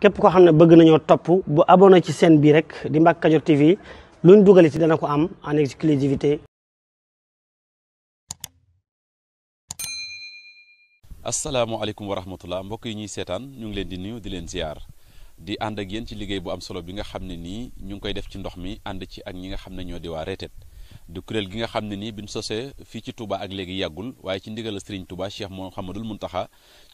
képp koo xam ne bëgg nañoo topp bu abonné ci chaîne bii rek di Mbacke Kadior TV luñ dugal ci dana ko am en exclusivité asalaamaaleykum wa rahmatullah mbokk yi ñuy seetaan ñu ngi leen di nuyu di leen ziar di ànd ak yéen ci liggéey bu am solo bi nga xam ne nii ñu ngi koy def ci ndox mi ànd ci ak ñi nga xam ne ñoo di waa retet di kuréel gi nga xam ne nii bi ñu sosee fii ci tubaa ak léegi yàggul waaye ci ndigal Serigne Touba Cheikh Mouhamadul taxa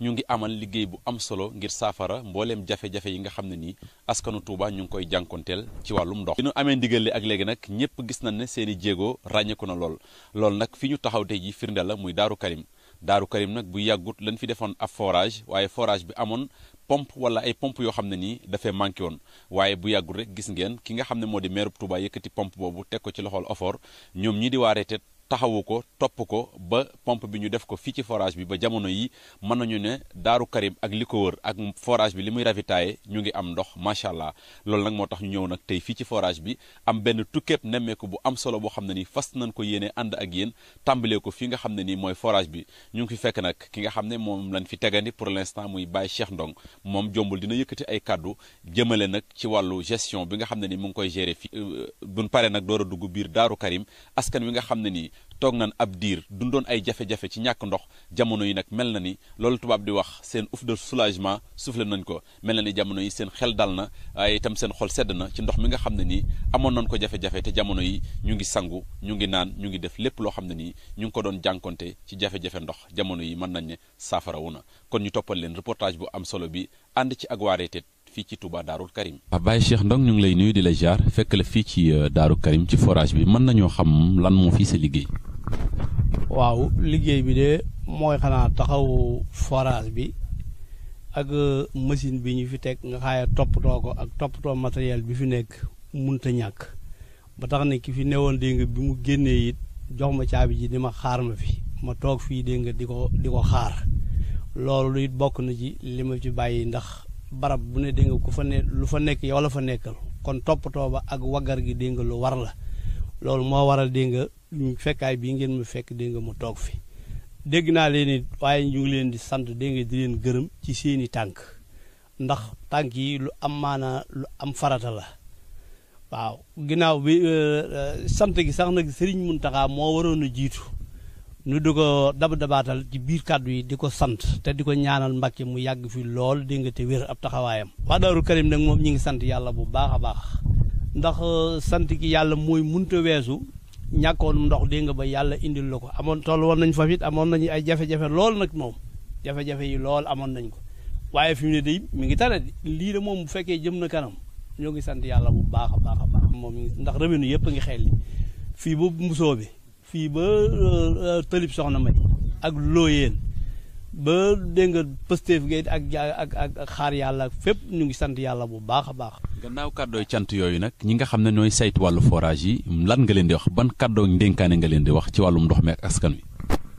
ñu ngi amal liggéey bu am solo ngir saafara mbooleem jafe-jafe yi nga xam ne nii askanu tubaa ñu ngi koy jànkonteel ci wàllum ndox. bi ñu amee ndigal li ak léegi nag ñëpp gis nañ ne seen i jéego ràññeeku na lool loolu nag fi ñu taxaw tey ji firnde la muy Daaru Karim daaru karim nag bu yàggut lañ fi defoon ab forage waaye forage bi amoon pompe wala ay pompe yoo xam ne nii dafay manqué woon waaye bu yàggut rek gis ngeen ki nga xam ne moo di meerub Touba yëkkati pompe boobu teg ko ci loxol Ofor ñoom ñi di waa Retet taxawu ko topp ko ba pompe bi ñu def ko fii ci forage bi ba jamono yi mën nañu ne Daaru Karim ak li ko wër ak forage bi li muy ravitaillé ñu ngi am ndox macha allah loolu nag moo tax ñu ñëw nag tey fii ci forage bi am benn tukkeeb nemmeeku bu am solo boo xam ne ni fas nañ ko yenee ànd ak yéen tàmbalee ko fi nga xam ne nii mooy forage bi ñu ngi fi fekk nag ki nga xam ne moom lañ fi tegandi pour l'instant muy Baye Cheikh Ndong moom jombul dina yëkkati ay kàddu jëmale nag ci wàllu gestion bi nga xam ne ni mu ngi koy gérer fii euh, buñ pare nag door a dugg biir askan wi nga xam ne nii toog nan ab diir dundoon ay jafe-jafe ci ñàkk ndox jamono yi nag mel na ni loolu tubaab di wax seen ouf de soulagement soufflé nañ ko mel na ni jamono yi seen xel dal na ay itam seen xol sedd na ci ndox mi nga xam ne nii amoon nañ ko jafe-jafe te jamono yi ñu ngi sangu ñu ngi naan ñu ngi def lépp loo xam ne nii ñu ngi ko doon jànkonte ci jafe-jafe ndox jamono yi mën nañ ne saafara wu na kon ñu toppal leen reportage bu am solo bi ànd ci ak waa fii ci Touba Daarul Karim. Baye Cheikh Ndong ñu ngi lay nuyu di la jaar fekk la fii ci euh, daaru Karim ci forage bi mën nañoo xam lan moo fii sa liggéey. waaw liggéey bi de mooy xanaa taxawu forage bi ak euh, machine bi ñu fi teg nga xaaya toppatoo ko ak toppatoo matériel bi fi nekk munta ñàkk ba tax ne ki fi newoon dégg nga bi mu génnee it jox ma caabi ji di ma xaar ma fi ma toog fii dégg nga di ko di ko xaar loolu it bokk na ci li ma ci bàyyi ndax. barab bu ne dégg ko fa ne lu fa nekk yow la fa nekkal kon toppatoo ba ak waggar gi dégg nga lu war la loolu moo waral dégg nga fekkaay bii ngeen mu fekk dégg nga mu toog fi dégg naa leen waaye ñu ngi leen di sant dégg di leen gërëm ci seeni tànk ndax tànk yi lu am maanaa lu am farata la waaw ginnaaw bi euh, euh, sant gi sax nag Serigne Mountakha moo waroon a jiitu. nu di ko dab-dabaatal ci biir kàddu yi di ko sant te di ko ñaanal Mbàkke mu yàgg fi lool dégg nga te wér ab taxawaayam waa Daaru Karim nag moom ñi ngi sant yàlla bu baax a baax ndax euh, sant ki yàlla mooy munta weesu ñàkkoon ndox dégg nga ba yàlla indil la ko amoon toll woon nañ fa it amoon nañu ay jafe lool nag moom jafe yi lool amoon nañ ko waaye fi mu ne day ngi tane lii de moom bu fekkee jëm na kanam ñoo ngi sant yàlla bu baax a baax a moom ndax revenu yëpp a ngi xel fii bu musoo bi fii ba euh, euh, tëlib soxna may ak looyeen ba dégg nga pësteef gay ak ak ak xaar yàlla ak fépp ñu ngi sant yàlla bu baax a baax naaw kàddooy cant yooyu nag ñi nga xam ne ñooy saytu wàllu forage yi lan nga leen di wax ban kàddoo ndénkaane nga leen di wax ci wàllum ndox mi ak askan wi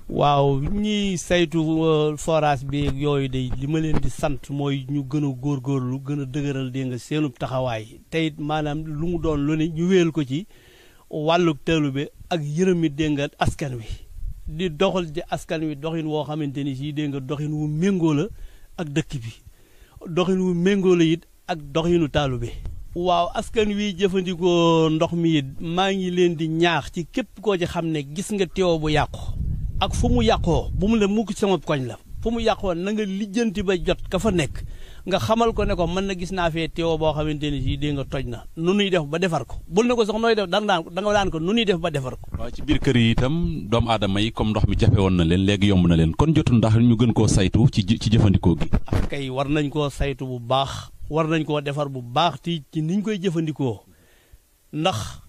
waaw ñiy saytu euh, forage bi yooyu de li ma leen di sant mooy ñu gën a góorgóorlu gën a dëgëral dégg seenub taxawaay tey maanaam lu mu doon lu ne ñu wéel ko ci wàllu teelu bi ak yërëmi dégg nga askan wi di doxal ci askan wi doxin woo xamante ni sii dégg nga doxin wu méngoo la ak dëkk bi doxin wu méngoo la it ak doxinu taalu bi waaw askan wi jëfandikoo ndox mi it maa ngi leen di ñaax ci képp koo ci xam ne gis nga teew bu yàqu ak fu mu yàqoo bu mu la mukk sama koñ la fu mu yàqoo nanga lijjanti ba jot ka fa nekk nga xamal ko ne ko mën na gis naa fee teewoo boo xamante ni si dégg nga toj na nu nuy def ba defar ko bul ne ko sax nooy def da nga daan da nga daan ko nu nuy def ba defar ko. waaw ci biir kër yi itam doomu aadama yi comme ndox mi jafe woon na leen léegi yomb na leen kon jotul ndax ñu gën koo saytu ci ci jëfandikoo gi. kay war nañ koo saytu bu baax war nañ koo defar bu baax ti ci niñ koy jëfandikoo ndax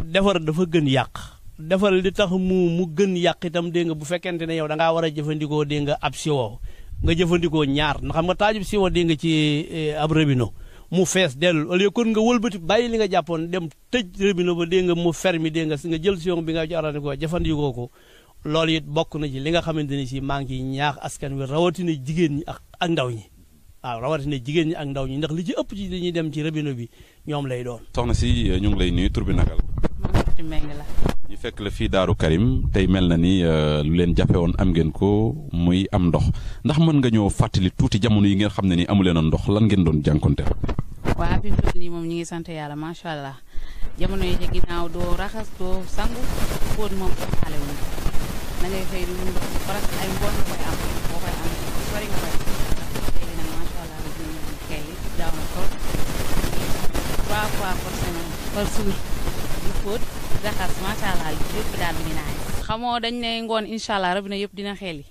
defar dafa gën yàq. defar li tax mu mu gën yàq itam dégg nga bu fekkente ne yow da war a jëfandikoo dégg nga ab siwoo nga jëfandikoo ñaar ndax xam nga taajub si wa di nga ci eh, ab robinet mu fees dellu au kon nga wëlbati bàyyi li nga jàppoon dem tëj robinet ba dégg nga mu fermi dégg nga si nga jël siyon bi nga jaranikoo jëfandikoo ko loolu it bokk na ci li nga xamante ne si maa ngi ñaax askan wi rawatina jigéen ñi ak ak ndaw ñi waaw rawatina jigéen ñi ak ndaw ñi ndax li ci ëpp ci dañuy dem ci robinet bi ñoom lay doon. soxna si eh, ñu ngi lay nuyu tur bi naka la. ñu fekk la fii Daaru Karim tey mel na ni euh, lu leen jafe woon am ngeen ko muy am ndox ndax mën nga ñëw fàttali tuuti jamono yi ngeen xam ne ni amu leen ndox lan ngeen doon jànkonte waa bi mu nii moom ñu ngi sante yàlla macha allah jamono yi ci ginnaaw doo raxas doo sangu fóot moom Daxas macha allah yëpp daal mi ngi naaj. dañ ne ngoon incha allah robinet yëpp dina xeeli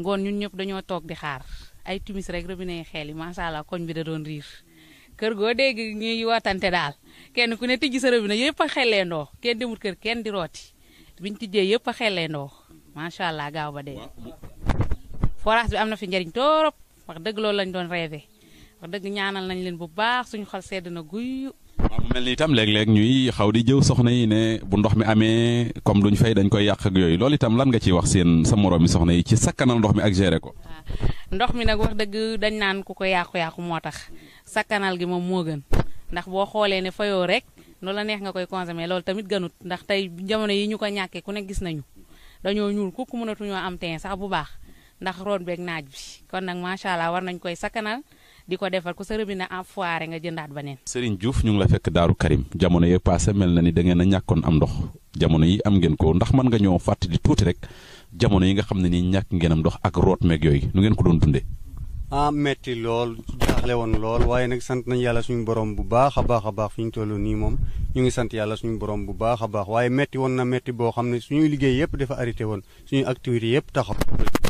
ngoon ñun ñëpp dañoo toog di xaar ay timis rek robinet yi xeeli macha allah koñ bi da doon riir kër goo dégg ñuy daal kenn ku ne tijji sa robinet yëpp a xelleendoo kenn demul kër kenn di rooti biñ tijjee yëpp a xelleendoo macha allah gaaw ba dee. forage bi am na fi njariñ torop wax dëgg loolu lañ doon rêvé wax dëgg ñaanal nañ leen bu baax suñu xol sedd na guyu waaw mu mel ni itam léeg-léeg ñuy xaw di jëw soxna yi ne bu ndox mi amee comme duñ fay dañ koy yàq yooyu loolu itam lan nga ciy wax seen sa moroom mi soxna yi ci sakkanal ndox mi ak gérer ko. Ah, ndox mi nag wax dëgg dañ naan ku ko yàqu-yàqu moo tax sakkanal gi moom moo gën ndax boo xoolee ne fayoo rek nu la neex nga koy consommer loolu tamit gënut ndax tey jamono yi ñu ko ñàkkee ku ne gis nañu dañoo ñuul kukk mënatuñoo am teen sax bu baax ndax roon beeg naaj bi kon nag macha allah war nañ koy sakkanal di ko defar ku sa robinet en foire nga jëndaat beneen. Serigne Diouf ñu ngi la fekk Daaru Karim jamono yee passé mel na ni da a ñàkkoon am ndox jamono yi am ngeen ko ndax mën nga ñoo fàttali tuuti rek jamono yi nga xam ne ni ñàkk ngeen am ndox ak root meeg yooyu nu ngeen ko doon dundee. ah metti lool jaaxle woon lool waaye nag sant nañ yàlla suñu borom bu baax a baax a baax fi ñu toll nii moom ñu ngi sant yàlla suñu borom bu baax a baax waaye metti woon na metti boo xam ne suñuy liggéey yëpp dafa arrêté woon suñuy activité yëpp taxaw.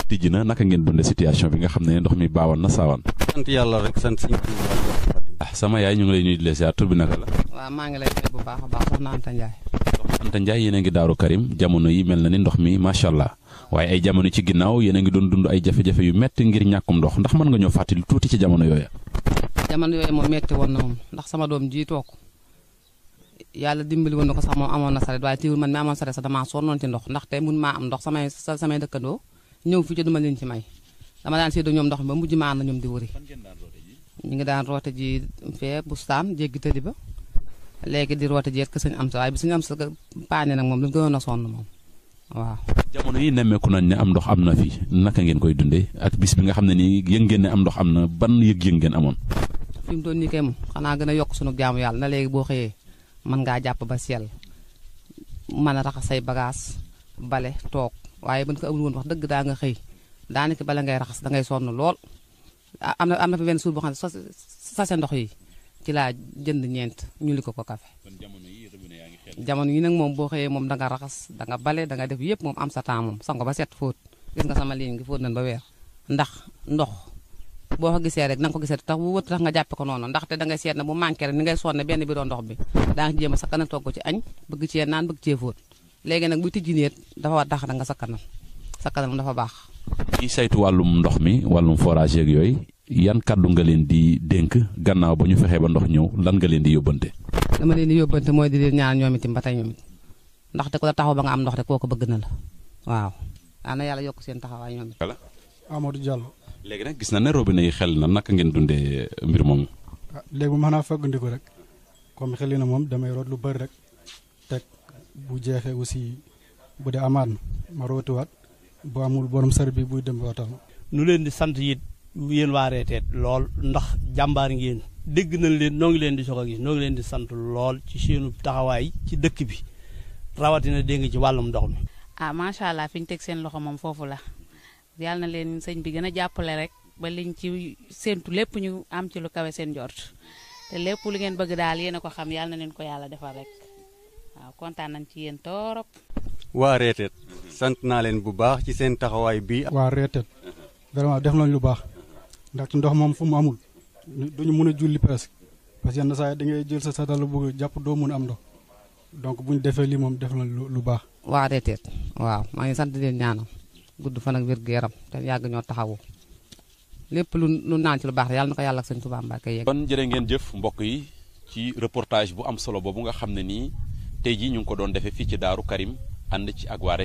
tijji na naka ngeen dundee situation bi nga xam ne ndox mi baawoon na saawaan. sant yàlla rek sant suñu ah sama yaay ñu ngi lay nuyu di la ziar tur bi la. maa ngi lay fay bu baax a baax soxna Anta Ndiaye. soxna Anta yéen a ngi daaru Karim jamono yi na ni ndox mi macha allah waaye ay jamono ci ginnaaw yéen a ngi doon dund ay jafe-jafe yu metti ngir ñàkkum ndox ndax mën nga ñoo fàttali tuuti ci jamono yooya. jamono yooya moom metti woon na moom ndax sama doom ji toog yàlla dimbali woon na ko sax moom amoon na saret waaye teewul man mi amoon saret sax damaa sonnoon ci ndox ndax tey mun maa am ndox samay samay dëkkandoo ñëw fii ci ci may dama daan séddoo ndox mi ba mujj maa na ñoom di wëri ñu ngi daan roote ji fee bustaan jéggi tëli ba léegi di roote ji et que suñu am sa waaye bi suñu am sa paane nag moom lu gënoon a sonn moom waaw jamono yi nemmeeku nañ ne am ndox am na fi naka ngeen koy dundee ak bis bi nga xam ne nii yëg ngeen ne am ndox am na ban yëg-yëg ngeen amoon. fi mu doon nii kay moom xanaa gën a yokk sunu jaamu yàlla na léegi boo xëyee man ngaa jàpp ba sell mën a raxas say bagaas bale toog waaye buñ ko amul woon wax dëgg daa nga xëy daanaka bala ngay raxas dangay sonn lool. am na am na fi benn suur boo xam ne sase ndox yi ci laa jënd ñeent ñu li ko ko kafe. kon jamono yi jamono yi nag moom boo xëyee moom danga nga raxas da nga bale da nga def yëpp moom am sa temps moom sango ba set fóot gis nga sama ligne gi fóot nañ ba weer ndax ndox boo ko gisee rek na nga ko gisee tax bu wët tax nga jàppe ndaxte da ngay seet ne bu manqué rek ni ngay sonne benn bi doon ndox bi daa jéem a sakkanal togg ci añ bëgg cee naan bëgg cee fóot léegi nag bu tijji neet dafa war tax da nga sakkanal sakkanal dafa baax. kii saytu wàllum ndox mi wàllum forage yooyu yan kàddu nga leen di dénk gannaaw ba ñu fexee ba ndox ñëw lan nga leen di yóbbante. dama leen di yóbbante mooy di leen ñaan ñoom itam ba tey ñoom it la taxaw ba nga am ndox rek kooku bëgg na la waaw. ana yàlla yokk seen taxawaay ñoom it. Amadou Diallo. léegi nag gis na ne robinet yi xel na naka ngeen dundee mbir moomu. ah léegi moom xanaa faggandiku rek comme xel na moom damay root lu bëri rek teg bu jeexee aussi bu bu amul borom sër bi buy dem ba nu leen di sant it yéen waa reeteet lool ndax jàmbaar ngeen dégg nañ leen noo ngi leen di soog a gis noo ngi leen di sant lool ci seenu taxawaay ci dëkk bi rawatina dégg nga ci wàllum ndox mi. ah macha allah fi ñu teg seen loxo moom foofu la yàlla na leen sëñ bi gën a jàppale rek ba liñ ci séentu lépp ñu am ci lu kawe seen jort te lu ngeen bëgg daal yéen a ko xam yàlla na leen ko yàlla defal kontaan nañ ci yéen torop. waa reeteet sant naa leen bu baax ci seen taxawaay bi. waa reeteet def nañ lu baax. ndax ndox moom fu mu amul du ñu mën a julli presque parce que yenn saa yi da jël sa satala bëgg jàpp doo mën a am ndox donc bu ñu defee lii moom def na lu baax. waa reeteet waaw maa ngi sant leen ñaanal gudd fan ak wér gu yaram te yàgg ñoo taxawu lépp lu lu naan ci lu baax yàlla na ko yàlla ak sëñ Tuubaa Mbàkke yegg. kon jëre ngeen jëf mbokk yi ci reportage bu am solo boobu nga xam ne nii tey jii ñu ngi ko doon defee fii ci Daaru Karim ànd ci ak waa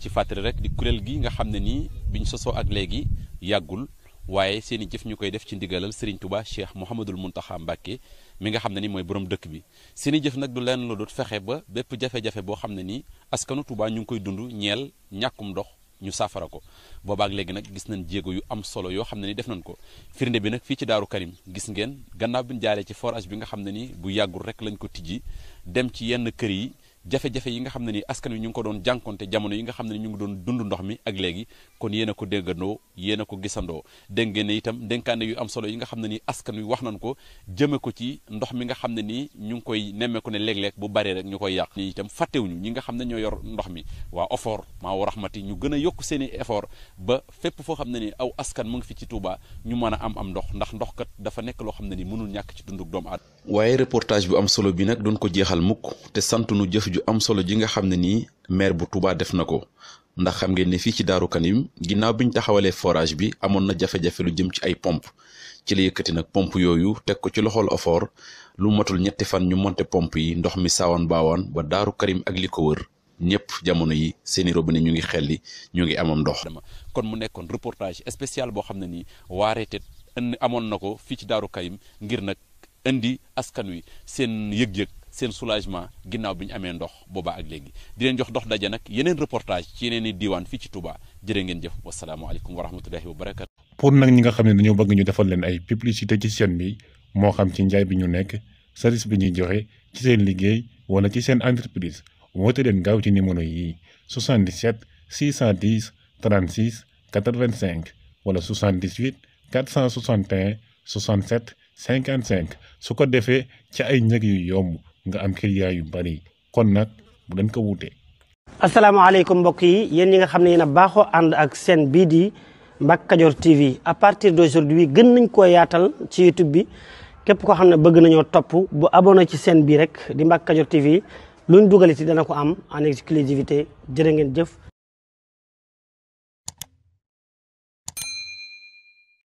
ci fàttali rek di kuréel gi nga xam ne nii biñ sosoo ak léegi yàggul. waaye seen i jëf ñu koy def ci ndigalal Serigne Touba Cheikh Mouhamadul Mountakha Mbacké mi nga xam ne ni mooy borom dëkk bi seeni jëf nag du lenn lu dul fexe ba bépp jafe-jafe boo xam ne nii askanu tubaa ñu ngi koy dund ñeel ñàkkum ndox ñu saafara ko boobaak léegi nag gis nañ jéego yu am solo yoo xam ne ni def nañ ko firnde bi nag fii ci Daaru Karim gis ngeen gannaaw bi ñu jaaree ci forage bi nga xam ne ni bu yàggul rek lañ ko tijji dem ci yenn kër yi jafe-jafe yi nga xam ne ni askan wi ñu ngi ko doon jànkonte jamono yi nga xam ne ni ñu ngi doon dund ndox mi ak léegi kon yéen a ko déggandoo yéen ko gisandoo dégg ngeen ne itam dénkaane yu am solo yi nga xam ne ni askan wi wax nañ ko jëme ko ci ndox mi nga xam ne nii ñu ngi koy nemmeeku ne léeg-léeg bu baree rek ñu koy yàq ñi itam fàttewuñu ñi nga xam ne ñoo yor ndox mi waa OFOR maa wa raxmati ñu gën a yokk seen i effort ba fépp foo xam ne ni aw askan mu ngi fi ci Touba ñu mën a am am ndox ndax ndox kat dafa nekk loo xam ne ni mënul ñàkk ci dunduk doomu aadama waaye reportage bu am solo bi nag duñ ko jeexal mukk te ju am solo ji nga xam ne nii maire bu Touba def na ko ndax xam ngeen ne fii ci Daaru Kanim ginnaaw bi ñu taxawalee forage bi amoon na jafe-jafe lu jëm ci ay pompe ci la yëkkati nag pompe yooyu teg ko ci loxol ofoor lu matul ñetti fan ñu monte pompe yi ndox mi saawan baawaan ba Daaru Karim ak li ko wër ñëpp jamono yi seeni robinet ñu ngi xelli ñu ngi amam ndox. kon mu nekkoon reportage spécial boo xam ne nii waareete amoon na ko fii ci Daaru Karim ngir nag indi askan wi seen yëg-yëg. seen soulagement ginnaaw bi ñu amee ndox boobaa ak léegi di leen jox ndox daje nag yeneen reportage ci yeneen i diiwaan fii ci Touba jërë ngeen jëf wasalaamaaleykum wa rahmatullahi wa barakatu pour nag ñi nga xam ne dañoo bëgg ñu defal leen ay publicité ci seen bi moo xam ci njaay bi ñu nekk service bi ñuy joxe ci seen liggéey wala ci seen entreprise woote leen gaaw ci numéro yi 77 610 36 85 wala 78 461 67 55 su ko defee ci ay njëg yu yomb nga am client yu bari kon nag bu dañ ko wuute. asalaamaaleykum mbokk yi yéen yi nga xam ne yi a baaxoo ànd ak seen bii di Mbacke Kadior TV à partir d'aujourd'hui gën nañ ko yaatal ci YouTube bi képp koo xam ne bëgg nañoo topp bu abonné ci seen bii rek di Mbacke Kadior TV luñ dugal ci dana ko am en exclusivité jërë ngeen jëf.